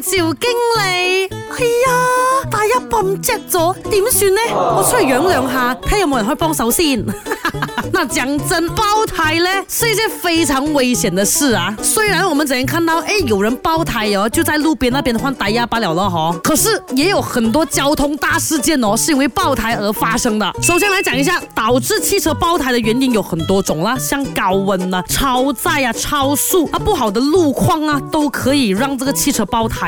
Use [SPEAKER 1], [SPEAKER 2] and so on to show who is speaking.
[SPEAKER 1] 趙經理，哎呀，大壓崩隻咗，點算呢？我出去養兩下，睇有冇有人會幫手先。 那講真，爆胎呢是一件非常危險的事啊。雖然我們之前看到，誒，有人爆胎哦，就在路邊那邊換大壓把了咯，嗬。可是也有很多交通大事件哦，是因為爆胎而發生的。首先來講一下，導致汽車爆胎的原因有很多種啦，像高温啦、超載啊、超速啊、不好的路況啊，都可以讓這個汽車爆胎。